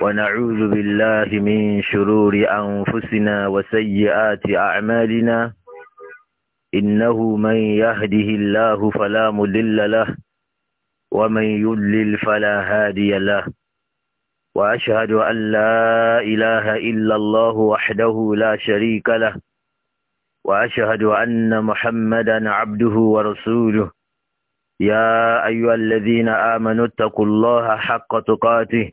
ونعوذ بالله من شرور أنفسنا وسيئات أعمالنا إنه من يهده الله فلا مضل له ومن يضلل فلا هادي له وأشهد أن لا إله إلا الله وحده لا شريك له وأشهد أن محمدا عبده ورسوله يا أيها الذين آمنوا اتقوا الله حق تقاته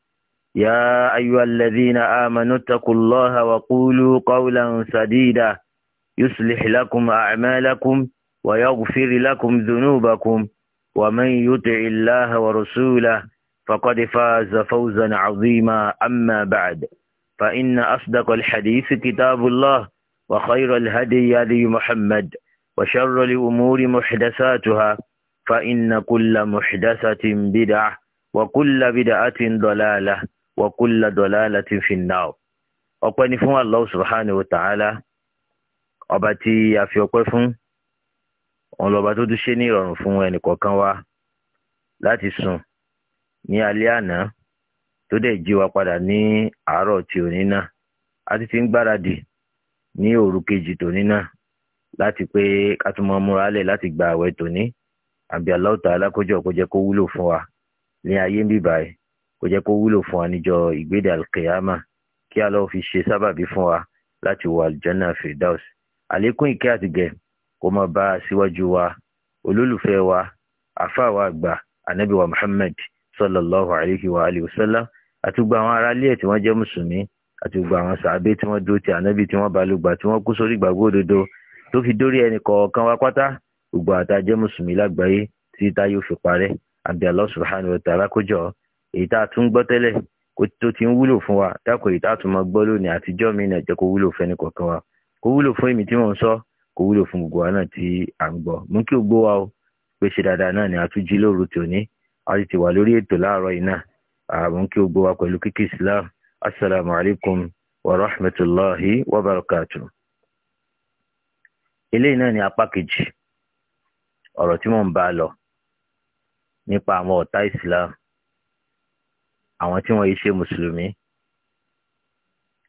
يا أيها الذين آمنوا اتقوا الله وقولوا قولا سديدا يصلح لكم أعمالكم ويغفر لكم ذنوبكم ومن يطع الله ورسوله فقد فاز فوزا عظيما أما بعد فإن أصدق الحديث كتاب الله وخير الهدي هدي محمد وشر الأمور محدثاتها فإن كل محدثة بدعة وكل بدعة ضلالة wa kulla dalalatin fin nar ọpẹ́ ni fún Allah subhanahu wa ta'ala ọba tí a fi ọpẹ́ fún òun lọ́ba tó tún ṣe ní ìrọ̀rùn fún ẹnìkọ̀ọ̀kan wa láti sùn ní alẹ́ àná tó dẹ̀ jí wa padà ní àárọ̀ tí òní náà a ti ti ń gbáradì ní òru kejì tòní náà láti pé ká tún mọ múra lẹ̀ láti gba àwẹ tòní àbí Allah ta'ala kójọ kó jẹ́ kó wúlò fún wa ní ayé ń bíbáyìí kó jẹ́ kó wúlò fún wa níjọ́ ìgbéde alkiyama kí a lọ́ọ́ fi ṣe sábàbí fún wa láti wọ aljanna firdaus àlékún ìkẹ́ àtìgẹ̀ kó máa bá síwájú wa olólùfẹ́ wa àfáà àgbà anabi wa muhammad sallallahu alayhi wa alihi wa sallam àti gbogbo àwọn aráalé ẹ̀ tí wọ́n jẹ́ mùsùlùmí àti gbogbo àwọn sàábé tí wọ́n dúró ti ànábì tí wọ́n balùgbà tí wọ́n kú sórí ìgbàgbọ́ òdodo tó fi dórí ẹnì kọ̀ọ̀kan wá pátá gbogbo àtàjẹ́ mùsùlùmí lágbàáyé tí táyé ò parẹ́ àbí Allah subhanahu wa èyí tá a tún gbọ́ tẹ́lẹ̀ tó ti ń wúlò fún wa dákò èyí tá a tún máa gbọ́ lónìí àtijọ́ mi náà jẹ́ kó wúlò fẹ́ni kọ̀ọ̀kan wa kó wúlò fún èmi tí mò ń sọ kó wúlò fún gbogbo wa náà tí à ń gbọ́ mú kí o gbó wa o pé ṣe dáadáa náà ni a tún jí lóru tòní a ti wà lórí ètò láàárọ̀ yìí náà mú kí o gbó wa pẹ̀lú kíkí Islam assalamu alaikum wa rahmatulahi wa barakatuh. eléyìí náà ni apá kejì ọ̀rọ̀ tí mò ń bá lọ nípa àwọn ọ̀tá Islam àwọn tí wọ́n yìí ṣe mùsùlùmí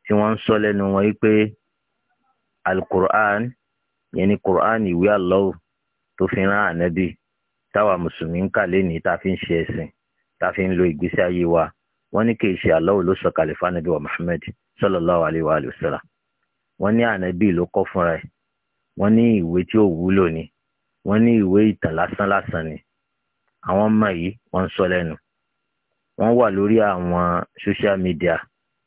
tí wọ́n ń sọ lẹ́nu wọn wípé alukur'an yẹn ni kur'an ìwé Allah tó fi rán ànábì táwa mùsùlùmí ń kà lẹ́nìí tá a fi ń ṣe ẹ̀sìn tá a fi ń lo ìgbésí ayé wa wọ́n ní kì ṣe Allah ló sọ kàlífà nàbí wa Muhammad sallallahu alayhi wa sallam wọ́n ní ànábì ló kọ́ fúnra ẹ̀ wọ́n ní ìwé tí ò wúlò ni wọ́n ní ìwé ìtàn lásán lásán ni àwọn ọmọ yìí wọ́n ń sọ lẹ́nu wọ́n wà lórí àwọn social media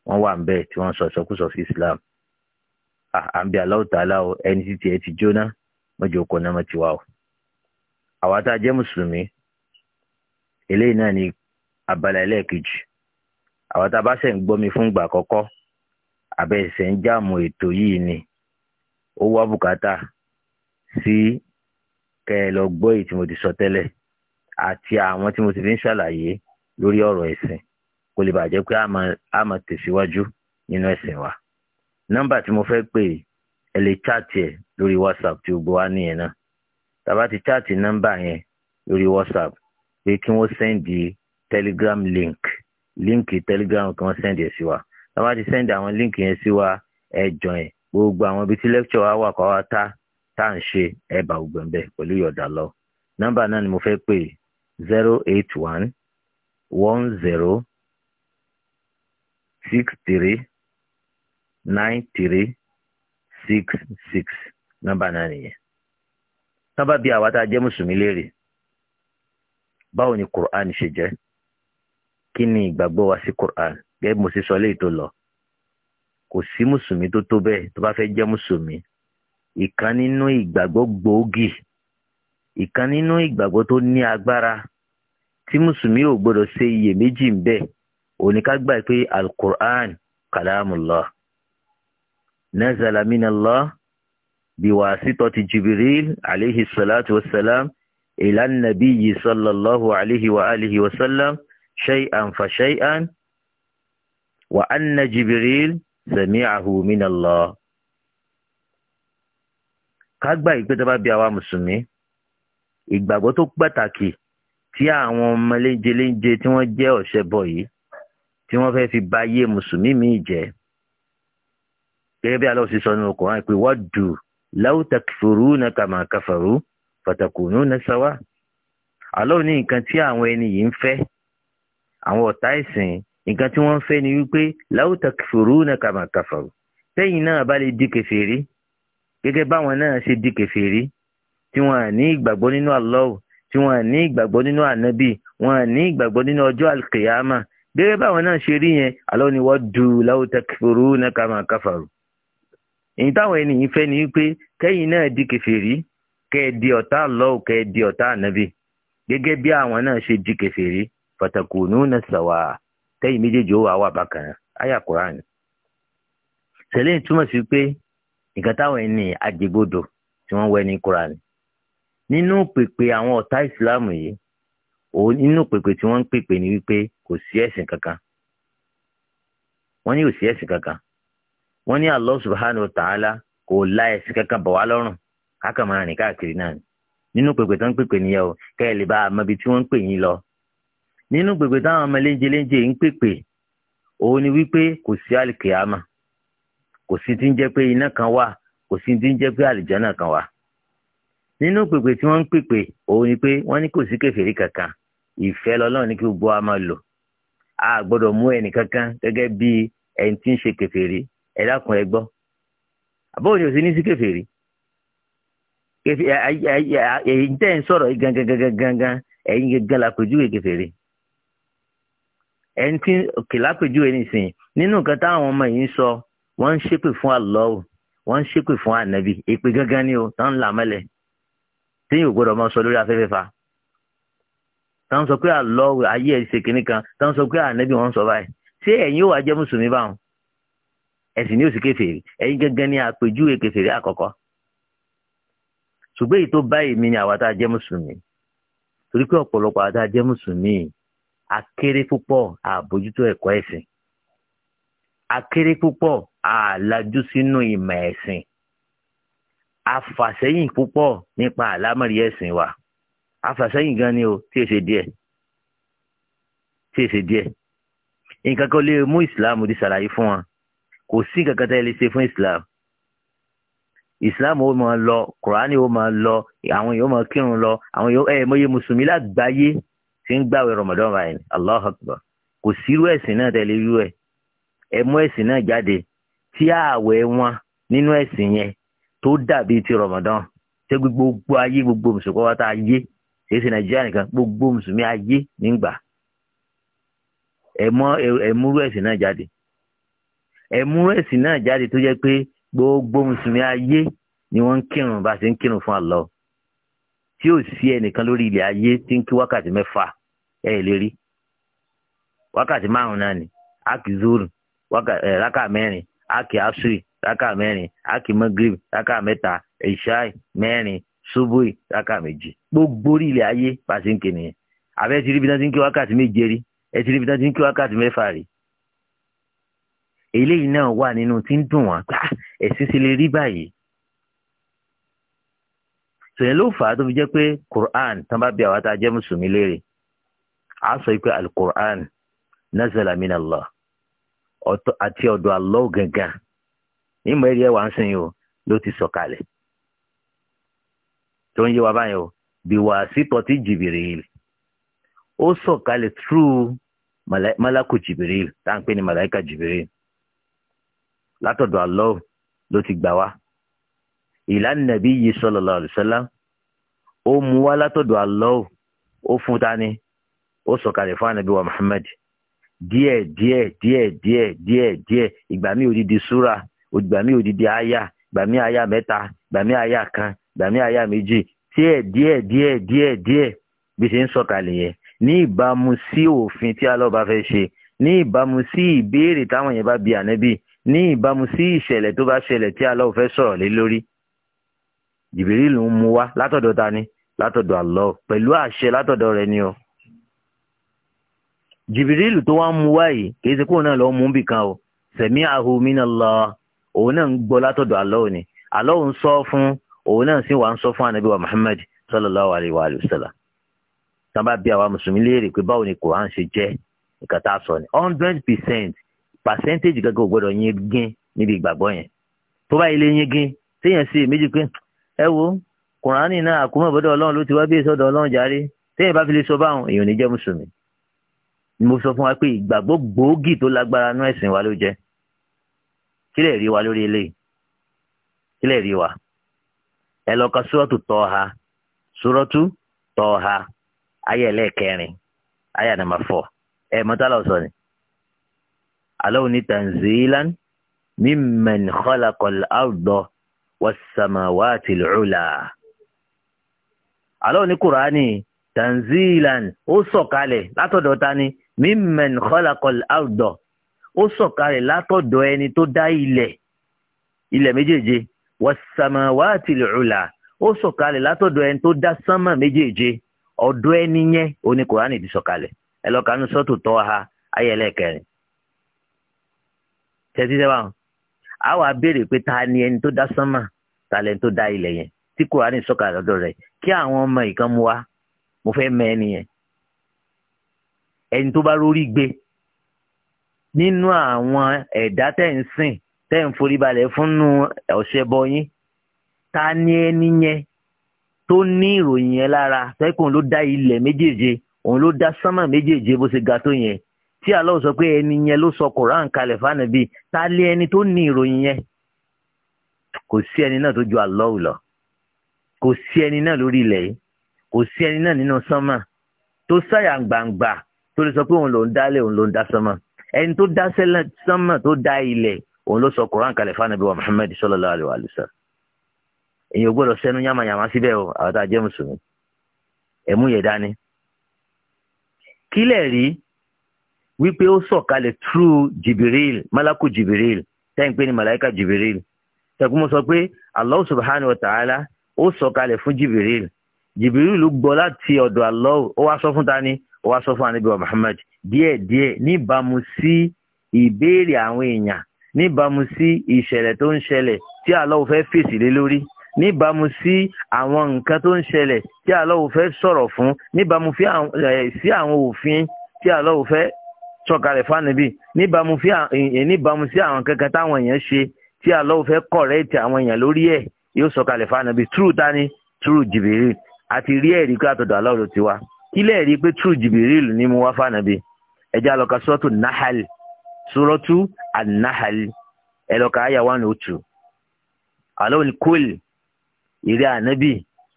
wọ́n wà ńbẹ̀ tí wọ́n sọ sọkúsọ fi Islam à ń bẹ aláwòtálá o ẹni títí ẹ ti jóná mọ́jọ kọ náà ti wá o. àwa tá a jẹ́ mùsùlùmí eléyìí náà ni abala ẹlẹ́ẹ̀kejì àwa tá a bá ṣẹ̀ ń gbọ́ mi fún ìgbà àkọ́kọ́ àbẹ̀sẹ̀ ń jáàmù ètò yìí ni ó wá bùkátà sí kẹ́ ẹ lọ gbọ́ èyí tí mo ti sọ tẹ́lẹ̀ àti àwọn tí mo ti fi ń ṣàlàyé lórí ọ̀rọ̀ ẹ̀sìn kó lè bàjẹ́ pé a máa tẹ̀síwájú nínú ẹ̀sìn wa nọ́mbà tí mo fẹ́ pè ẹ lè chaàtì ẹ̀ lórí whatsapp tí gbogbo wa nìyẹn náà tàbá ti chaàtì nọ́mbà yẹn lórí whatsapp pé kí wọ́n sẹ́ndì telegram link líǹkì telegram kí wọ́n sẹ́ndì ẹ̀ sí wa tàbá ti sẹ́ndì àwọn líǹkì yẹn sí wa ẹ join ẹ̀ gbogbo àwọn ibi tí lecture wa wà kọ́ wa ta tá à ń ṣe ẹ bá gbogbo pẹ̀lú ìyọ̀dà lọ nọ́mbà náà ni mo fẹ́ pè zero eight one one zero six three nine three six six nọ́mbà náà nìyẹn. nọ́mbà bíi àwa tá a jẹ́ mùsùlùmí léèrè báwo ni Qur'an ṣe jẹ́ kí ni ìgbàgbọ́ wa sí Qur'an gẹ́gẹ́ mo ṣe sọ léyìí tó lọ kò sí mùsùlùmí tó tó bẹ́ẹ̀ tó bá fẹ́ jẹ́ mùsùlùmí ìkan nínú ìgbàgbọ́ gbòógì ìkan nínú ìgbàgbọ́ tó ní agbára tí mùsùlùmí ò gbọdọ̀ ṣe iyèméjì ń bẹ̀ òní ká gbà pé alukur'an kalamullah nazala minallah biwasitati jibril alayhi salatu wassalam ila nabiyyi sallallahu alayhi wa alihi wa sallam shay'an fa shay'an wa anna jibril sami'ahu minallah ká gbà ìpé tó bí àwa mùsùlùmí ìgbàgbọ́ tó pàtàkì tí àwọn ọmọ léjeléje tí wọ́n jẹ́ ọ̀ṣẹbọ yìí tí wọ́n fẹ́ẹ́ fi ba ayé mùsùlùmí míì jẹ́ gẹ́gẹ́ bí aláwọ̀ sì sọ nínú Kùránì pé waddu law takfuruna kama kafaru fatakununa sawa aláwọ̀ ní nǹkan tí àwọn ẹni yìí ń fẹ́ àwọn ọ̀tá ìsìn nǹkan tí wọ́n ń fẹ́ ni wípé law takfuruna kama kafaru tẹ́yìn náà bá lè di kèfèrí gẹ́gẹ́ báwọn náà ṣe di kèfèrí tí wọ́n ní ìgbàgbọ́ nínú Allah tí wọ́n ní ìgbàgbọ́ nínú ànábì wọn ní ìgbàgbọ́ nínú ọjọ́ àlùkìyàmà gẹ́gẹ́ báwọn náà ṣe rí yẹn àlọ́ ni wọ́n du láwùjọ kẹfìrú náà ká máa káfàrú. èyí táwọn ènìyàn fẹ́ ni wípé kẹ́yìn náà di kẹfìrí kẹ́ ẹ di ọ̀tá lọ́wọ́ kẹ́ ẹ di ọ̀tá ànábì gẹ́gẹ́ bí àwọn náà ṣe di kẹfìrí fàtàkùnú náà sàwà tẹ́yìn méjèèjì ó wà bákan áyà sẹ́lẹ̀ sí pé ìkàtàwọn ẹni àjẹgbọ́dọ̀ tí wọ́n ní nínú pèpè àwọn ọ̀tá ìsìláàmù yìí òun nínú pèpè tí wọ́n ń pèpè ni wípé kò sí ẹ̀sìn kankan wọ́n ní kò sí ẹ̀sìn kankan wọ́n ní Allah subhanahu ta'ala kò la ẹ̀sìn kankan bọ̀ wá lọ́rùn káàkà máa káàkiri náà nínú pèpè tó ń pèpè nìyẹn o kẹ́ ẹ̀ lè bá a ibi tí wọ́n ń pè yín lọ nínú pèpè táwọn ọmọ léńjeléńje ń pèpè òun ni wípé kò sí àlìkèámà kò sí ti ń jẹ́ pé iná kan wà kò sí nínú pèpè tí wọ́n ń pèpè òun ni pé wọ́n ní kò sí kèfèrí kankan ìfẹ́ lọ́lọ́run ní kí gbogbo wa máa lò a gbọ́dọ̀ mú ẹnì kankan gẹ́gẹ́ bí ẹni tí ń ṣe kèfèrí ẹ dákun ẹ gbọ́ àbọ̀wò ni ò sí ní sí kèfèrí èyí tẹ́ ń sọ̀rọ̀ yìí gangan ẹ̀yin gangan làpèjúwe kèfèrí ẹni tí òkè lápèjúwe nìsín nínú nǹkan táwọn ọmọ yìí ń sọ wọ́n ń ṣépè fún àlọ́ wọ́n ń ṣépè fún ànábì èpè gangan ni o tán ń téyìn ò gbọ́dọ̀ máa sọ lórí afẹ́fẹ́ fa tá ń sọ pé àlọ́ ayé ẹ̀ ṣe kínní kan tá ń sọ pé ànẹ́bí wọn ń sọ báyìí ṣé ẹ̀yin ò wá jẹ́ mùsùlùmí báwọn ẹ̀sìn ní òsì kèfèrí ẹ̀yin gẹ́gẹ́ ní àpèjúwe kèfèrí àkọ́kọ́ ṣùgbọ́n èyí tó báyìí mi ni àwa tá a jẹ́ mùsùlùmí torí pé ọ̀pọ̀lọpọ̀ àwa tá a jẹ́ mùsùlùmí akéré púpọ̀ àbójútó ẹ̀kọ́ ẹ̀sìn akéré púpọ̀ àlájú sínú ìmọ̀ ẹ̀sìn afàsẹ́yìn púpọ̀ nípa àlámọ̀rí ẹ̀sìn wa afàsẹ́yìn gan ni o tí èsè díẹ̀ tí èsè díẹ̀ nǹkan kan lè mú islam di ṣàlàyé fún wa kò sí kankan tẹ́ ẹ lè ṣe fún islam islam ó máa lọ kùránì ó máa lọ àwọn èèyàn ó máa kírun lọ àwọn èèyàn ẹ mọye mùsùlùmí lágbàáyé tí ń gbàwẹ̀ ramadan báyìí allah akbar kò sírú ẹ̀sìn náà tẹ́ lè rú ẹ̀ ẹ mú ẹ̀sìn náà jáde tí ààwẹ̀ wọn nínú ẹ̀sìn yẹn tó dàbí ti Ramadan tẹ gbogbo ayé gbogbo mùsùlùmí wá tá ayé yé kìí ṣe Nàìjíríà nìkan gbogbo mùsùlùmí ayé nígbà ẹmọ ẹmúrú ẹ̀sìn náà jáde ẹmúrú ẹ̀sìn náà jáde tó jẹ́ pé gbogbo mùsùlùmí ayé ni wọn ń kírun bá a ṣe ń kírun fún Allah tí ò sí ẹnìkan lórí ilẹ̀ ayé tí ń kí wákàtí mẹ́fà ẹ̀ lè rí wákàtí márùn-ún náà ni áàkì zuru rákà mẹ́rin áàkì asuri rákà mẹ́rin ákì magrib rákà mẹ́ta ìṣáì subui ṣubúì rákà méjì gbogbo orí ilẹ̀ ayé bá a ṣe ń kí nìyẹn àbẹ́ ti rí bí wọ́n ti ń kí wákàtí méje rí ẹ ti rí bí wọ́n ti ń kí wákàtí mẹ́fà rí eléyìí náà wà nínú tí ń dùn wá gbà ah, ẹ̀sìn sì lè rí báyìí sèyìn ló fà á tó fi jẹ́ pé Qur'an tán bá bí àwa tá a jẹ́ mùsùlùmí léèrè a sọ pé al-Qur'an nazala min Allah àti ọ̀dọ̀ Allah gangan N'ime èrè ẹwà ń sìn lo o ti sọ̀kalẹ̀ tó ń yé wa báyìí o bí wàá ti tí Jibril ó sọ̀kalẹ̀ tru malako Jibril tá à ń pè ní malaika Jibril látọ̀dọ̀ Allah ló ti gbà wá ìlànà nàbí yìí sallallahu alaihi wasallam ó mú wá látọ̀dọ̀ Allah ó fún tani ó sọ̀kalẹ̀ fún ànábì wa Muhammad díẹ̀ díẹ̀ díẹ̀ díẹ̀ díẹ̀ ìgbà mi ò di di súra gbàmí òdìdí aya gbàmí aya mẹ́ta gbàmí aya kan gbàmí aya méjì díẹ̀ díẹ̀ díẹ̀ díẹ̀ díẹ̀ bí ṣe ń sọ̀kalẹ̀ yẹn ní ìbámu sí òfin tí alọ́ba fẹ́ ṣe ní ìbámu sí ìbéèrè táwọn yẹn bá bi ànábì ní ìbámu sí ìṣẹ̀lẹ̀ tó bá ṣẹlẹ̀ tí alọ́ fẹ́ sọ̀rọ̀ lé lórí jìbìrìlù ń mu wá látọ̀dọ̀ ta ni látọ̀dọ̀ Allah pẹ̀lú àṣẹ látọ̀dọ̀ rẹ̀ ni o jìbìrìlù tó wá ń mu wá yìí kì í ṣe kóun náà lọ́ọ́ mú bìkan o sami'ahu minallah òun náà ń gbọ́ látọ̀dọ̀ Allah ni Allah ń sọ fún òun náà sì wà ń sọ fún anabi wa Muhammad sallallahu alayhi wa sallam tí wọ́n bá bí àwa mùsùlùmí léèrè pé báwo ni Quran ṣe jẹ́ nǹkan tá a sọ ni hundred percent percentage gẹ́gẹ́ ò gbọ́dọ̀ yín gín níbi ìgbàgbọ́ yẹn tó bá ilé yín gín téèyàn sì méjì pé ẹ wo Quran náà àkúmọ̀ bọ́dọ̀ Ọlọ́run ló ti wá bí ìsọdọ̀ Ọlọ́run járe téèyàn bá fi lè sọ báwọn èèyàn ò ní jẹ́ mùsùlùmí mo sọ fún wa pé ìgbàgbọ́ gbòógì tó lágbára nú ẹ̀sìn wa ló jẹ́ kí lè rí wa lórí eléyìí kí lè rí wa ẹ lọ ka súrọ́tù Tọ́ha súrọ́tù Tọ́ha ayé ẹlẹ́ẹ̀kẹrin ayé àdàmà fọ ẹ mọ́tàlá ọ̀sán ni aláwo ní tanzilan mimman khalaqal arda was samawati al-ula aláwo ní kùránì tanzilan ó sọ̀kalẹ̀ látọ̀dọ̀ ni mimman khalaqal arda. ó sọ̀kalẹ̀ látọ̀dọ̀ ẹni tó dá ilẹ̀ ilẹ̀ méjèèje wàsàmàwáàtì lùlà ó sọ̀kalẹ̀ látọ̀dọ̀ ẹni tó dá sánmà méjèèje ọ̀dọ̀ ẹni yẹn ti sọ̀kalẹ̀ ẹ sọ́tò tọ́ ha pé ta ni ẹni tó dá sánmà ta tí kòránì sọ̀kalẹ̀ lọ́dọ̀ kí àwọn ọmọ ìkan mu mo fẹ́ mẹ́ ẹni gbé nínú àwọn ẹ̀dá tẹ̀ ń sìn tẹ̀ ń foríbalẹ̀ fúnnu ọ̀sẹ̀ bọyín ta ni ẹni yẹn tó ní ìròyìn yẹn lára tẹ́kùn ló dá ilẹ̀ méjèèje òun ló dá sánmà méjèèje bó ṣe ga tó yẹn tí Allah sọ pé ẹni yẹn ló sọ Quran kalẹ̀ fánàbí ta lé ẹni tó ní ìròyìn yẹn kò sí ẹni náà tó ju Allah lọ kò sí ẹni náà lórí ilẹ̀ yìí kò sí ẹni náà nínú sánmà tó sáyà gbangba tó lè sọ pé òun lòún dálé òun lòún dá sánmà ẹni tó dá sánmà tó dá ilẹ̀ òun ló sọ Quran kalẹ̀ fún anabi wa Muhammad sallallahu alayhi wa sallam èyàn gbọ́dọ̀ sẹ́nu yàmàyàmà síbẹ̀ o àwọn tá a jẹ́ mùsùlùmí ẹ̀mú yẹ̀ dání. kílẹ̀ rí wípé ó sọ̀kalẹ̀ through Jibril malaku Jibril tẹ́yìn pé ní malaika Jibril tẹ̀kú mo sọ pé Allah subhanahu wa ta'ala ó sọ̀kalẹ̀ fún Jibril Jibril gbọ́ láti ọ̀dọ̀ Allah ó wá sọ fún tani ó wá sọ fún anabi wa Muhammad díẹ̀díẹ̀ níbàámu sí ìbéèrè àwọn èèyàn níbàámu sí ìṣẹ̀lẹ̀ tó ń ṣẹlẹ̀ tí Allah fẹ́ fèsì lé lórí níbàámu sí àwọn nǹkan tó ń ṣẹlẹ̀ tí Allah fẹ́ sọ̀rọ̀ fún níbàámu sí àwọn òfin tí Allah fẹ́ sọ̀kalẹ̀ fánibí níbàámu sí àwọn kankan táwọn èèyàn ṣe tí Allah fẹ́ kọ̀rẹ́ẹ̀tì àwọn èèyàn lórí ẹ̀ yóò sọ̀kalẹ̀ fánibí túrù tani túrù jìbìrì àti rí ẹ̀rí kí àtọ̀dọ̀ Allah ti wá kílẹ̀ rí pé túrù jìbìrì ni mo wá fánibí ẹjẹ́ àlọ́ka sọ́ọ̀tù nahal sọ́ọ̀tù anahal ẹlọ́ka àyà wà ní òtù alo kul ìrẹ́ ànábì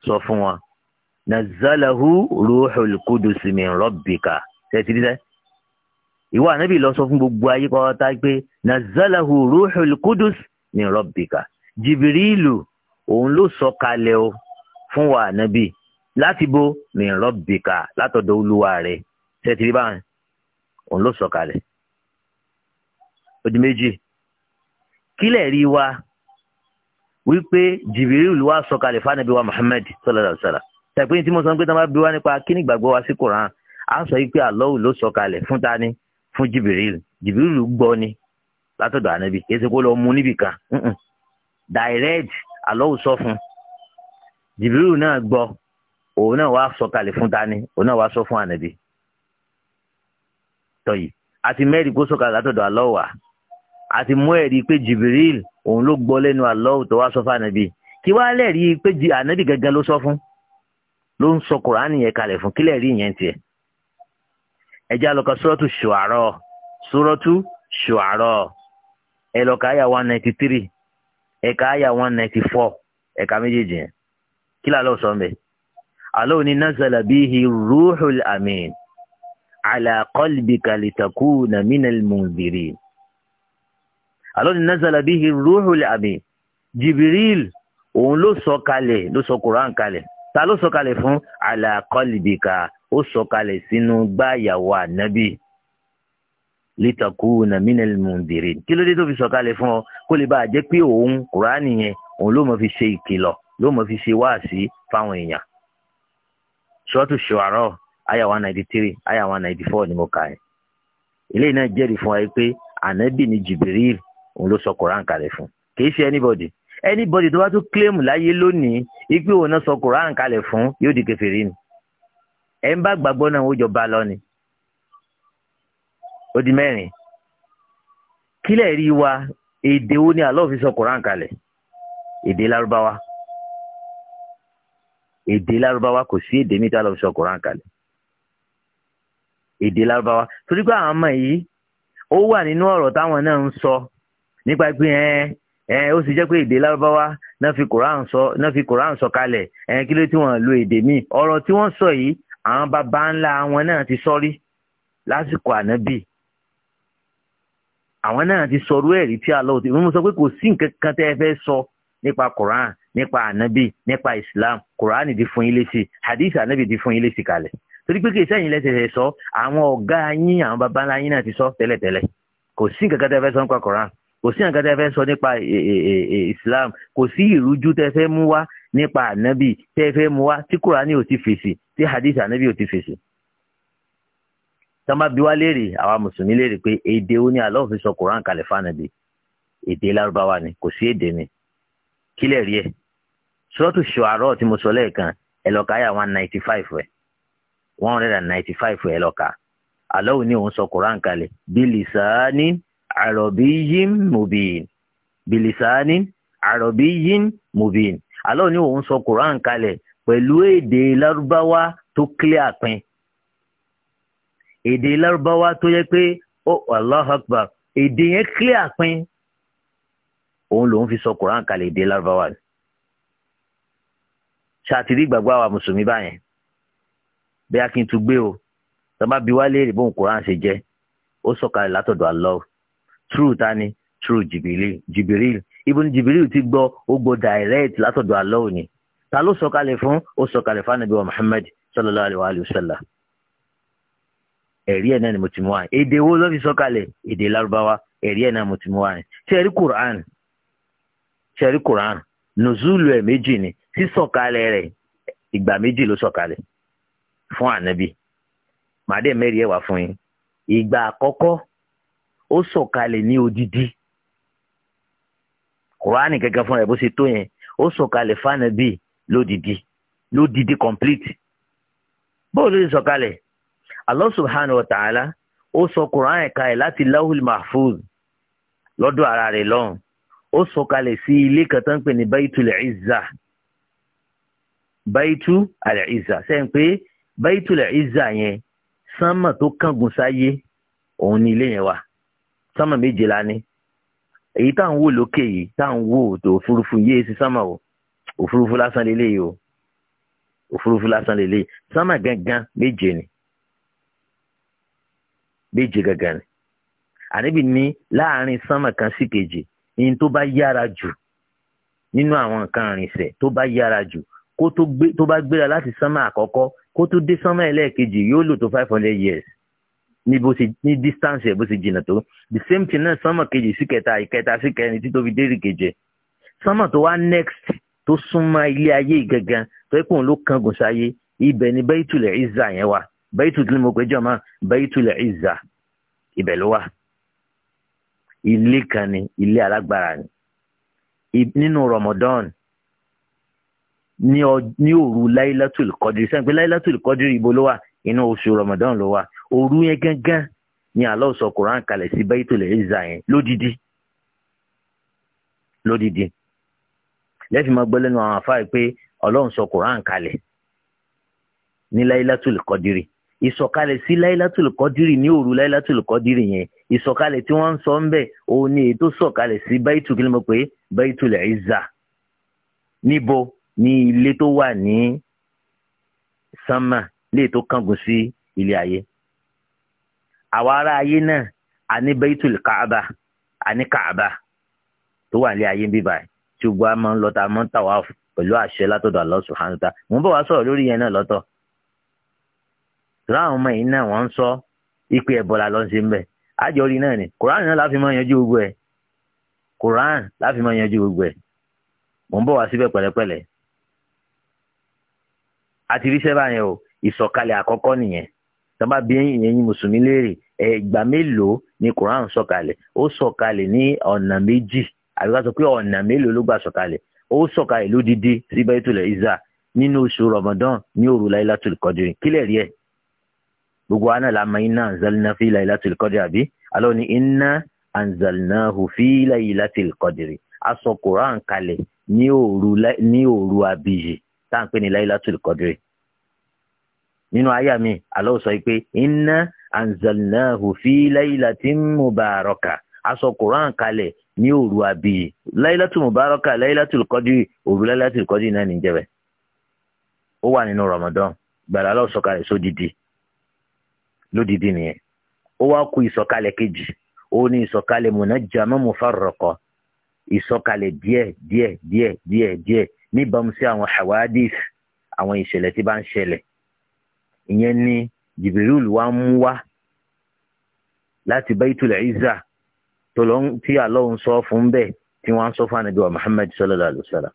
sọ fún wa nazalahu ruhul qudus min rabbika tẹ́tí nílẹ̀ ìwọ ànábì lọ sọ fún gbogbo ayé pátá pé nazalahu ruhul qudus min rabbika jibirilu òun ló sọ kalẹ̀ o fún wa ànábì láti bo min rabbika látọ̀dọ̀ olúwa rẹ̀ tẹ́tí báyìí òun ló sọ̀kalẹ̀ odi méjì kílẹ̀ rí wa wípé jìbìrìlù wa sọ̀kalẹ̀ fanabi wa Muhammad sallallahu alaihi wa sallam tẹ̀pẹ́ tí mo sọ pé tí wọ́n bá bí wa nípa kíní gbàgbọ́ wa sí koran a sọ yìí pé Allahu ló sọ̀kalẹ̀ fún ta ni fún jìbìrìlù jìbìrìlù gbọ́ ni látọ̀dọ̀ ànábì kì kó lọ mú níbì kan direct Allahu sọ fún jìbìrìlù náà gbọ́ òun náà wá sọ̀kalẹ̀ fún ta òun náà wá sọ fún ànábì tọ̀yì àti mẹ́rin kó sọ̀kà látọ̀dọ̀ Allah àti mú ẹ̀rí pé Jibril òun ló gbọ́ lẹ́nu Allah tó wá sọ fún ànábì kí wàá lẹ́rí pé ànábì gẹ́gẹ́ ló sọ fún ló ń sọ Kùránì yẹn kalẹ̀ fún kílẹ̀ rí tiẹ̀ ẹ já lọ ka Suratu Shu'ara Suratu àyà one ninety three ala qalbika litakuna minal munzirin. alóni nazala bihi ruhul amin jibril òun ló sọ kalẹ̀ ló sọ quran kalẹ̀ ta ló sọ kalẹ̀ fún ala qalbika ó sọ kalẹ̀ sínú gbáyàwó ànábì litakuna minal munzirin kí ló dé tó fi sọ kalẹ̀ fún ọ kó lè bá a jẹ́ pé òun quran yẹn òun ló mọ̀ fi ṣe ìkìlọ̀ ló mọ̀ fi ṣe wáàsí fáwọn èèyàn. sọ́tù ṣùwárọ̀ aya one ninety three aya one ninety four ni mo kà yẹn eléyìí náà jẹ́rìí fún wa pé ànábì ni Jibril òun ló sọ Quran kalẹ̀ fún kìí ṣe anybody anybody tó bá tún claim láyé lónìí ipe òun náà sọ Quran kalẹ̀ fún yóò di kèfèrí ni ẹ̀ ń bá gbàgbọ́ náà ó jọ bá lọ ni ó di mẹ́rin kílẹ̀ rí wa èdè wo ni Allah fi sọ Quran kalẹ̀ èdè lárúbáwá èdè lárúbáwá kò sí èdè mi tí Allah fi sọ Quran kalẹ̀ èdè lárúbáwá torí pé àwọn ọmọ yìí ó wà nínú ọ̀rọ̀ táwọn náà ń sọ nípa pé ẹ ẹ ó sì jẹ́ pé èdè lárúbáwá náà fi koran sọ náà fi koran sọ kalẹ̀ ẹ kí ló tí wọ́n lo èdè míì ọ̀rọ̀ tí wọ́n sọ yìí àwọn baba ńlá wọn náà ti sọ lásìkò ànábì àwọn náà ti sọrú ẹ̀rí tí a lọ òtí mo sọ pé kò sí nǹkan kan tẹ́ ẹ fẹ́ sọ nípa koran nípa ànábì nípa islam koran ti fún yín lésì hadith ànábì ti fún yín lésì kalẹ̀ torí pé kì í sẹ́yìn lẹ́sẹ̀ sọ àwọn ọ̀gá yín àwọn baba ńlá yín náà ti sọ tẹ́lẹ̀tẹ́lẹ̀ kò sí nǹkan kan tẹ́ fẹ́ sọ nípa Quran kò sí nǹkan kan tẹ́ fẹ́ sọ nípa e, e, e, Islam kò sí ìrújú tẹ́ fẹ́ mú wá nípa ànábì tẹ́ fẹ́ mú wá tí Quran ò ti fèsì tí hadith ànábì ò ti fèsì. tọ́ba bí wá léèrè àwa mùsùlùmí léèrè pé èdè ó ní Allah fi sọ Quran kalẹ̀ fánàbì èdè lárúbáwá ni kò sí èdè ni kílẹ̀ rí ẹ̀ sọ́tù ṣọ́ àárọ̀ tí mo sọ lẹ́ẹ̀kan ẹ̀ one ninety five rẹ̀ one hundred and ninety five ẹ̀ lọ́ka aláwo ni òun sọ koran kalẹ̀ bilisani arabiyin mubin bilisani arabiyin mubin aláwo ni òun sọ koran kalẹ̀ pẹ̀lú èdè lárúbáwá tó clear pin èdè lárúbáwá tó yẹ pé oh allah akbar èdè yẹn clear pin òun lòun fi sọ koran kalẹ̀ èdè lárúbáwá ṣàtìrí gbàgbọ́ àwa mùsùlùmí báyẹn bí akin tún gbé o tọ́ba bí wá léèrè bóun Quran ṣe jẹ́ ó sọ̀kalẹ̀ látọ̀dọ̀ Allah true ta ni true jibiril jibiril ibùn jibiril ti gbọ́ ó gbọ́ direct látọ̀dọ̀ Allah ni ta ló sọ̀kalẹ̀ fún ó sọ̀kalẹ̀ fún anabi wa Muhammad sallallahu alayhi wa sallam ẹ̀rí ẹ̀ náà ni mo ti mú wa èdè wo ló fi sọ̀kalẹ̀ èdè Lárúbáwá ẹ̀rí ẹ̀ náà mo ti mú wa ṣẹ̀rí Quran ṣẹ̀rí Quran nùzúlù ẹ̀ méjì ni sísọ̀kalẹ̀ rẹ̀ ìgbà méjì ló sọ̀kalẹ̀ fún ànábì màá dẹ̀ mẹ́rin ẹ̀ wá fún yín ìgbà àkọ́kọ́ ó sọ̀kalẹ̀ ní odidi kùránì gẹ́gẹ́ fúnra ẹ̀ bó ṣe tó yẹn ó sọ̀kalẹ̀ fànábì lódidi lódidi complete bóòlù ló ṣe sọ̀kalẹ̀ Allah subhanahu wa ta'ala ó sọ kùránì kalẹ̀ láti lawhul mahfuz lọ́dọ̀ ara rẹ̀ lọ́hùn ó sọ̀kalẹ̀ sí ilé kan tó ń pè ní baitul izza baitu al izza sẹ́yìn pé Baitul Izza yẹn sánmà tó kángun sáyé òun ni ilé yẹn wà sánmà méje la ní èyí tá à ń wò lókè yìí tá à ń wò tó òfurufú yéé e sí sánmà o òfurufú lásán lélẹ́yìí o òfurufú lásán lélẹ́yìí sánmà gangan méje ni méje gangan ni àníbi ní láàrin sánmà kan sí kejì ní tó bá yára jù nínú àwọn nǹkan àrìnsẹ̀ tó bá yára jù kó tó gbéra láti sánmà àkọ́kọ́ kó tó dé sánmà ẹlẹ́ẹ̀kejì yóò lò tó five hundred years ní bó ṣe ní distance ẹ̀ bó ṣe jìnnà tó the same thing náà sánmà kejì sí kẹta ìkẹta sí kẹrin títí tó fi dérì keje sánmà tó wá next tó súnmọ́ ilé ayé gangan tó yẹ kó òun ló kángun sáyé ibẹ̀ ni Baitul Izza yẹn wà Baitul tí mo pè jọ̀mọ́ Baitul Izza ibẹ̀ ló wà ilé kan ni ilé alágbára ni nínú Ramadan ní ní òru láìlátùl kọ́dírì sẹ́yìn pé láìlátùl kọ́dírì ibo ló wà inú oṣù ramadan ló wà òru yẹn gángan ni Allah sọ koran kalẹ̀ sí Baitul Izza yẹn lódìdí lódìdí lẹ́fì máa gbọ́ lẹ́nu àwọn afáà pé ọlọ́run sọ koran kalẹ̀ ní láìlátùl kọ́dírì ìsọ̀kalẹ̀ sí láìlátùl kọ́dírì ní òru láìlátùl kọ́dírì yẹn ìsọ̀kalẹ̀ tí wọ́n ń sọ ń bẹ̀ òun ni èyí tó sọ̀kalẹ̀ sí báyìtù kí ló mọ̀ pé Baitul Izza ní ilé tó wà ní sánmà le tó kángun sí ilé ayé awara ará ayé náà a ní kaaba a ní kaaba tó wà ní ayé bíbá tí a máa ń lọ ta máa ń tawaf pẹ̀lú àṣẹ látọ̀dọ̀ wa ń bọ̀ wá sọ̀rọ̀ lórí yẹn náà wọ́n sọ ipe ẹ̀bọ̀là ló ṣe ń bẹ̀ ni koran náà láfi máa yanjú gbogbo koran láfi máa yanjú gbogbo ẹ̀ ń àti ríṣẹ́ báyẹn o ìsọ̀kalẹ̀ àkọ́kọ́ nìyẹn tọ́ba bí ẹ̀yin mùsùlùmí léèrè ìgbà mélòó ni Quran sọ̀kalẹ̀ ó sọ̀kalẹ̀ ní ọ̀nà méjì àbí ká sọ pé ọ̀nà mélòó ló gbà sọ̀kalẹ̀ ó sọ̀kalẹ̀ lódìdí sí Baitul Izza nínú oṣù Ramadan ní òru Lailatul Qadr kílẹ̀ rí ẹ̀ gbogbo àná la máa iná anzalna fi Lailatul Qadr àbí alọ́ ni iná anzalnahu fi Lailatul Qadr a sọ Quran kalẹ̀ ní òru àbíyè tá à ń pè ní Laylatul Qadri nínú àyà mi Allah sọ pé inna anzalnahu fi laylatin mubaraka aṣọ Quran kalẹ̀ ní òru àbíyì Laylatul mubaraka Laylatul Qadri òru Laylatul Qadri náà níjẹ̀bẹ̀ ó wà nínú Ramadan gbàrà Allah sọ̀kalẹ̀ sódìdí lódìdí nìyẹn ó wá kù ìsọ̀kalẹ̀ kejì ó ní ìsọ̀kalẹ̀ munajjama mufarraqa ìsọ̀kalẹ̀ díẹ̀ díẹ̀ díẹ̀ díẹ̀ díẹ̀ níbàámu sí àwọn hawadis àwọn ìṣẹ̀lẹ̀ tí bá ń ṣẹlẹ̀ ìyẹn ni Jibril wa ń mú wá láti Baitul Izza tó lọ tí Allah ń sọ fún bẹ́ẹ̀ tí wọ́n ń sọ fún anabi wa Muhammad sallallahu alayhi wa sallam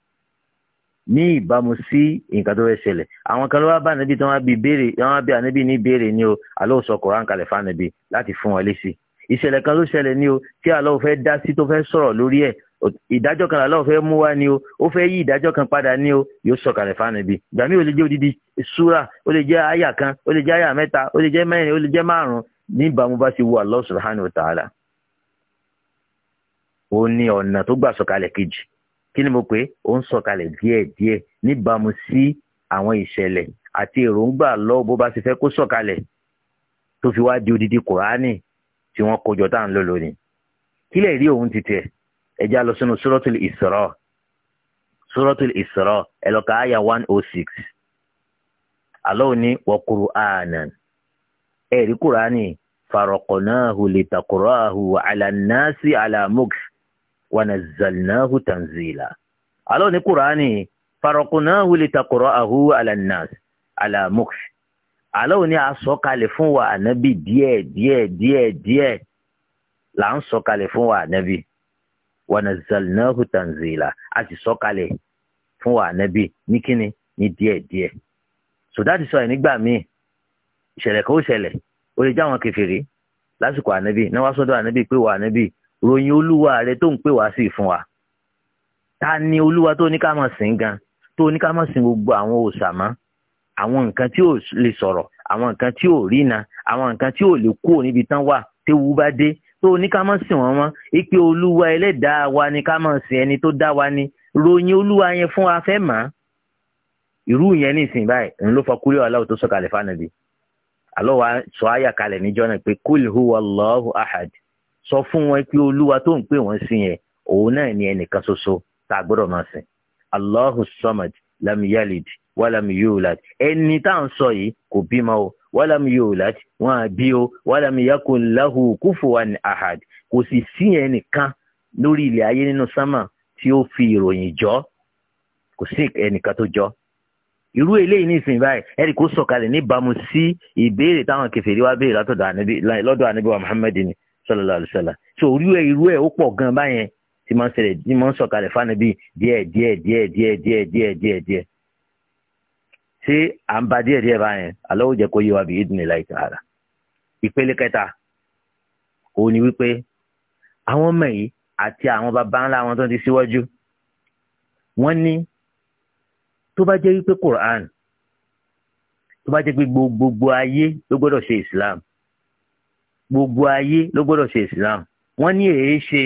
ní ìbámu sí nǹkan tó fẹ́ ṣẹlẹ̀ àwọn kan ló wá bá anabi tí wọ́n bí anabi ní béèrè ni o Allah sọ Kùránì fún anabi láti fún wọn lésì ìṣẹ̀lẹ̀ kan ló ṣẹlẹ̀ ni o tí Allah fẹ́ dá sí tó fẹ́ sọ̀rọ̀ lórí ẹ̀ ìdájọ́ kan Allah fẹ́ mú wá ni o ó fẹ́ yí ìdájọ́ kan padà ni o yóò sọ̀kalẹ̀ fáànù bí ìgbà mi ò lè jẹ́ odidi súrà ó lè jẹ́ àyà kan ó lè jẹ́ àyà mẹ́ta ó lè jẹ́ mẹ́rin ó lè jẹ́ márùn-ún níbàámu bá ti wo Allah subhanahu wa ta'ala ó ní ọ̀nà tó gbà sọ̀kalẹ̀ kejì kí ni mo pé ó ń sọ̀kalẹ̀ díẹ̀díẹ̀ níbàámu sí àwọn ìṣẹ̀lẹ̀ àti èròǹgbà lọ́wọ́ bó bá ti fẹ́ kó sọ̀kalẹ̀ tó fi wá di odidi kùránì tí wọ́n kójọ tá à ń lò lónìí kílẹ̀ rí òun ti tẹ̀ ẹ já lọ sínú suratul Isra suratul Isra ẹ lọ ka àyà one oh six àlọ́ òní wa Qur'anan ẹ rí kúránì faraqnahu litaqra'ahu 'ala an-nasi 'ala mukth wa nazzalnahu tanzila àlọ́ òní kúránì faraqnahu litaqra'ahu 'ala an-nasi 'ala mukth àlọ́ ni a sọ kalẹ̀ fún wa ànábì díẹ̀ díẹ̀ díẹ̀ díẹ̀ là ń sọ kalẹ̀ fún wa ànábì wa nazzalnahu tanzila a sì sọ kalẹ̀ fún wa ànábì ní kíni ní díẹ̀ díẹ̀ sòdáàtì sọ ẹ̀ nígbà míì ìṣẹ̀lẹ̀ kan ó ṣẹlẹ̀ ó lè já àwọn kèfèrí lásìkò ànábì náà wá sọ́dọ̀ ànábì pé wa ànábì ròyìn olúwa rẹ tó ń pè wá sí fún wa ta ni olúwa tó ní ká máa sìn gan tó ní ká máa sìn gbogbo àwọn òòṣà mọ́ àwọn nǹkan tí ò lè sọ̀rọ̀ àwọn nǹkan tí ò rína àwọn nǹkan tí ò lè kúrò níbi tán wà téwu bá dé tó ní ká má sìn wọ́n mọ́ ipe olúwa ẹlẹ́dàá wa ni ká má sìn ẹni tó dá wa ni ròyìn olúwa yẹn fún wa fẹ́ mọ̀ irú yẹn ní ìsìn báyìí òun ló fọ kúrẹ́ aláwọ̀ tó sọ̀kalẹ̀ fánàbí àlọ́ wa sọ àyà kalẹ̀ níjọ́ náà pé kúlì huwa Allahu ahad sọ fún wọn pé olúwa tó ń pè wọ́n sí yẹn òun náà ni ẹnìkan ṣoṣo tá a gbọ́dọ̀ máa sìn Allahu samad lam yalid walam yulad ẹni tá à ń sọ yìí kò bímọ o walam yulad wọn à bí o walam yakun lahu kufuwan ahad kò sì sí ẹnìkan lórí ilẹ̀ ayé nínú sánmà tí ó fi ìròyìn jọ kò sí ẹnìkan tó jọ irú eléyìí nísìnyí báyìí ẹnì kò sọ̀kalẹ̀ níbàámu sí ìbéèrè táwọn kèfèrí wa béèrè lọ́dọ̀ ànábì wa Muhammad ni sallallahu alaihi so irú ẹ irú ẹ ó pọ̀ gan báyẹn tí máa ń sọ̀kalẹ̀ fáànù bíi díẹ̀ díẹ̀ díẹ̀ díẹ̀ díẹ̀ díẹ̀ díẹ̀ díẹ̀ si à ń ba díẹ̀ díẹ̀ báyẹn àlọ́ òjẹ́ kó yé wa bí ìdùnnú ìlà ìtàn ara ìpele ni wípé àwọn ọmọ yìí àti baba ńlá wọn tó ti síwájú wọ́n ní tó bá jẹ́ wípé Quran tó bá jẹ́ pé gbogbo ayé ló gbọ́dọ̀ ṣe Islam gbogbo ayé ló gbọ́dọ̀ ṣe Islam wọ́n ní èé ṣe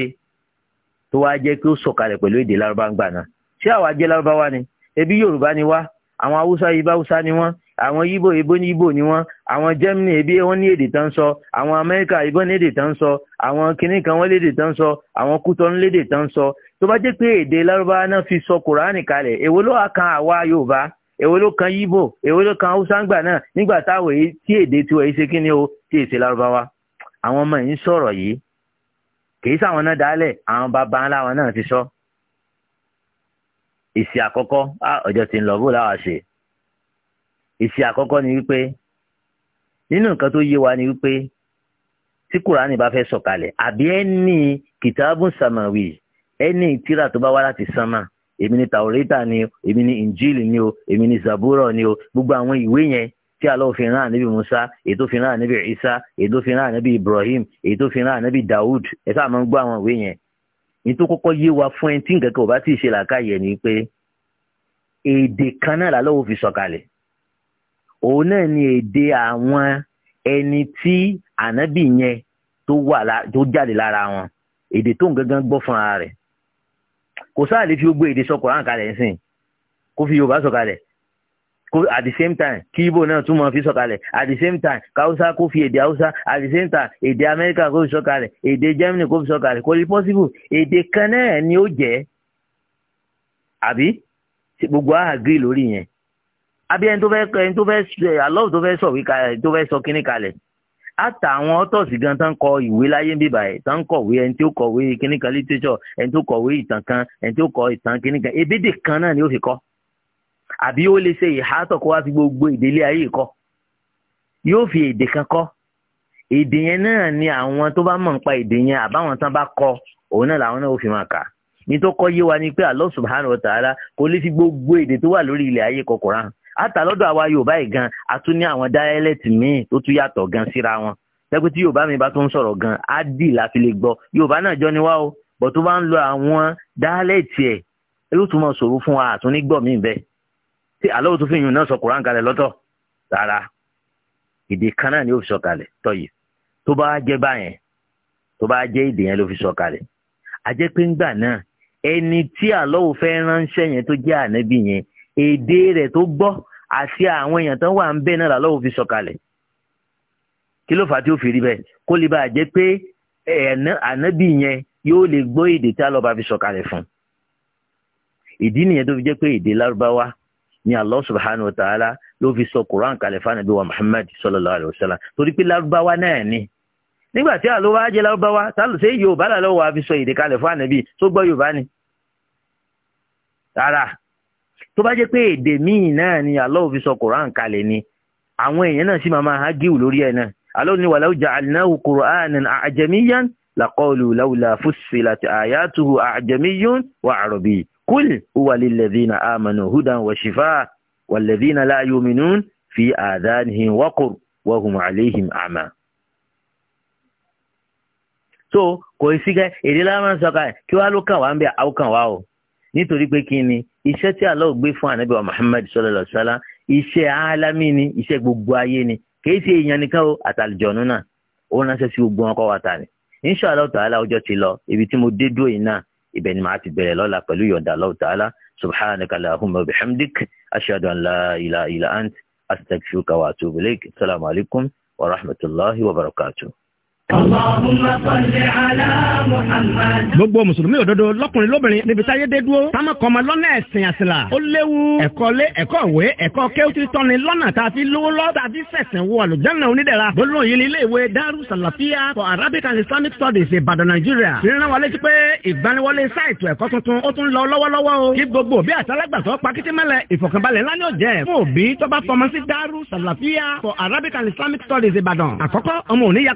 tó wá jẹ́ pé ó sọ̀kalẹ̀ pẹ̀lú èdè lárúbá ń gbà náà ṣé àwa jẹ́ lárúbáwá ni ebi Yorùbá ni wá àwọn haúsá ibà haúsá ni wọ́n àwọn yíbò ìbò ní ìbò ni wọ́n àwọn germany ebi wọ́n ní èdè tán sọ àwọn amẹ́ríkà ìbọn ní èdè tán sọ àwọn kìnnì kan wọ́n lédè tán sọ àwọn kútọ́n lédè tán sọ tó bá jẹ́ pé èdè lárúbáwá náà fi sọ kùránì kalẹ̀ èwo ló wá kan àwa yorùbá èwo ló kan yíbò èwo ló kan haúsá ńgbà náà nígbà táwọn èyí tí èdè tiwọn yìí ṣe kí ni o tí èsè lárúbáwá àwọn ọmọ yìí sọ̀rọ̀ yìí kì í sáwọn náà dálẹ̀ àwọn baba ńlá wọn náà ti sọ ìsì àkọ́kọ́ á ọjọ́ ti ń lọ bó láwàá ṣe ìsì àkọ́kọ́ ni wípé nínú nǹkan tó yé wa ni wípé tí kùránì bá fẹ́ sọ̀kalẹ̀ àbí ẹni kìtàbùn sàmàwì ẹni tírà tó bá wá láti sánmà èmi ni tàwórítà ni o èmi ni injili ni o èmi ni zaburo ni o gbogbo àwọn ìwé yẹn tí Allah fi rán ànábì Musa èyí tó fi rán ànábì Isa èyí tó fi rán ànábì Ibrahim èyí tó fi rán ànábì Dawud ẹ sáà máa ń gbọ́ àwọn ìwé yẹn ní tó kọ́kọ́ yé wa fún ẹni tí nǹkan kan ò bá tí ì ṣe làákàyè ni pé èdè kan náà lálẹ́ òfin sọ̀kalẹ̀ òun náà ni èdè àwọn ẹni tí ànábì yẹn tó jáde lára wọn èdè tó ń gbọ́ fúnra rẹ̀ kò sáà lè fi gbogbo èdè sọ Kùránì kalẹ̀ ńsìn kó fi Yorùbá sọ̀kalẹ̀ at the same time kí ibo náà tún máa fi sọ̀kalẹ̀ at the same time káwúsá kó fi èdè haúsá at the same time èdè amẹ́ríkà kó fi sọ̀kalẹ̀ èdè germany kó fi sọ̀kalẹ̀ kò lè possible èdè kan náà ni ó jẹ́ àbí gbogbo á agree lórí yẹn àbí ẹni tó fẹ́ ẹni tó fẹ́ alọ́ọ̀ tó fẹ́ sọ wí kalẹ̀ tó fẹ́ sọ kíní kalẹ̀ àtà àwọn ọ́tọ̀sì gan tán kọ ìwé láyé ń bíbà ẹ̀ tán kọ̀wé ẹni tí ó kọ̀wé kíní kan literature ẹni tó kọ̀wé ìtàn kan ẹni tó kọ ìtàn kíní kan ebédè kan náà ni ó fi kọ́ àbí ó lè ṣe ìhátọ̀ kó wá fi gbogbo ìdílé ayé kọ́ yóò fi èdè kan kọ́ èdè yẹn náà ni àwọn tó bá mọ̀ nípa èdè yẹn àbáwọn tán bá kọ́ òun náà làwọn náà ó fi máa kà ní tó kọ́ yé wa ni pé Allah subhanahu wa ta'ala kò lè fi gbogbo èdè tó wà lórí ilẹ̀ ayé kọ Kùránì àtàlọ́dọ̀ àwa yorùbá yìí gan a tún ní àwọn dáyẹ́lẹ́tì míì tó tún yàtọ̀ gan síra wọn pẹ́pẹ́ tí yorùbá mi bá tún sọ̀rọ̀ gan á dì láfi lè gbọ́ yorùbá náà jọ ni wá o bọ̀ tó bá ń lo àwọn dáyẹ́lẹ́tì ẹ̀ ló tún mọ̀ sòrò fún wa àtúnígbọ̀ míì bẹ́ẹ̀ sí aláwọ̀ tó fi yùn náà sọ Kùránì kalẹ̀ lọ́tọ̀ rárá èdè kan náà ni ó fi sọ kalẹ̀ tọ́yì tó bá jẹ́ báyẹn tó bá jẹ́ èdè yẹn ló fi sọ kalẹ̀ àjẹ́ pé ńgbà náà ẹni tí aláwọ̀ fẹ́ ránṣẹ́ yẹn tó jẹ́ ànábì yẹn èdè rẹ̀ tó gbọ́ àti àwọn èèyàn tó wà ń bẹ̀ náà aláwọ̀ fi sọ kalẹ̀ kí ló fà á tí ó fi rí bẹ́ẹ̀ kó lè bá àjẹ́ pé ànábì yẹn yóò lè gbọ́ èdè tí alọ́ba fi sọ kalẹ̀ fún ìdí nìyẹn tó fi jẹ́ pé èdè lárúbáwá ni allah subhanahu wa ta'ala ló fi sọ quran kalẹ̀ fún anabi wa muhammad sallallahu alayhi wa sallam torí pé larubawa náà ni nígbà tí àlọ́ wa jẹ́ larubawa ṣé yorùbá làlọ́ wa fi sọ èdè kalẹ̀ fún anabi tó gbọ́ yorùbá ni rárá tó bá jẹ́ pé èdè míì náà ni allah fi sọ quran kalẹ̀ ni àwọn èèyàn náà sì máa máa hágíù lórí ẹ̀ náà allah ni walaw ja'alnahu qur'anan a'jamiyyan laqalu lawla fussilat ayatuhu a'jamiyyun wa arabiyyun kul huwa lilladhina amanu hudan wa shifa walladhina la yu'minun fi adhanihim waqur wa hum alayhim ama so kò sí kẹ èdè lámà sọka ẹ kí wàá ló kàn wá ń bẹ àwọn kàn wá o nítorí pé kí ni iṣẹ́ tí Allah gbé fún anabi wa Muhammad sallallahu alaihi wasallam iṣẹ́ alami ni iṣẹ́ gbogbo ayé ni kìí ṣe èèyàn nìkan o àtàlùjọ̀nù náà ó ránṣẹ́ sí gbogbo wọn kọ́ wa ta ni insha ta'ala ọjọ́ ti lọ ibi tí mo dé dúró yìí náà ibẹ̀ ni màá ti bẹ̀rẹ̀ lọ́la pẹ̀lú yọ̀ǹda Allah ta'ala subhanaka allahumma wa bihamdik ashhadu an la ilaha illa ant astaghfiruka wa atubu ilayk assalamu alaikum wa rahmatullahi wa barakatuh gbogbo mùsùlùmí òdodo lọkùnrin lóbìnrin níbi táyé dé dúró táwọn kan máa lọ́nà ẹ̀sìn àṣìlá ó léwu ẹ̀kọ́ lé ẹ̀kọ́ ìwé ẹ̀kọ́ kéwútì tọ́ni lọ́nà tá a fi lówó lọ́ tá a fi sẹ̀sìn wọ àlùjáná onídẹ̀ra gbólóhùn yìí ní ilé ìwé Daru Salafia for Arabic and Islamic Studies Ìbàdàn Nàìjíríà ìrìnà wa létí pé ìgbaniwọlé sáìtù ẹ̀kọ́ tuntun ó tún lọ lọ́wọ́lọ́wọ́ o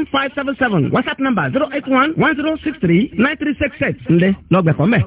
seven five seven seven whatsapp number zero eight one one zero six three nine three six six ńlẹ̀ lọ́gbẹ̀kọ́ mẹ́.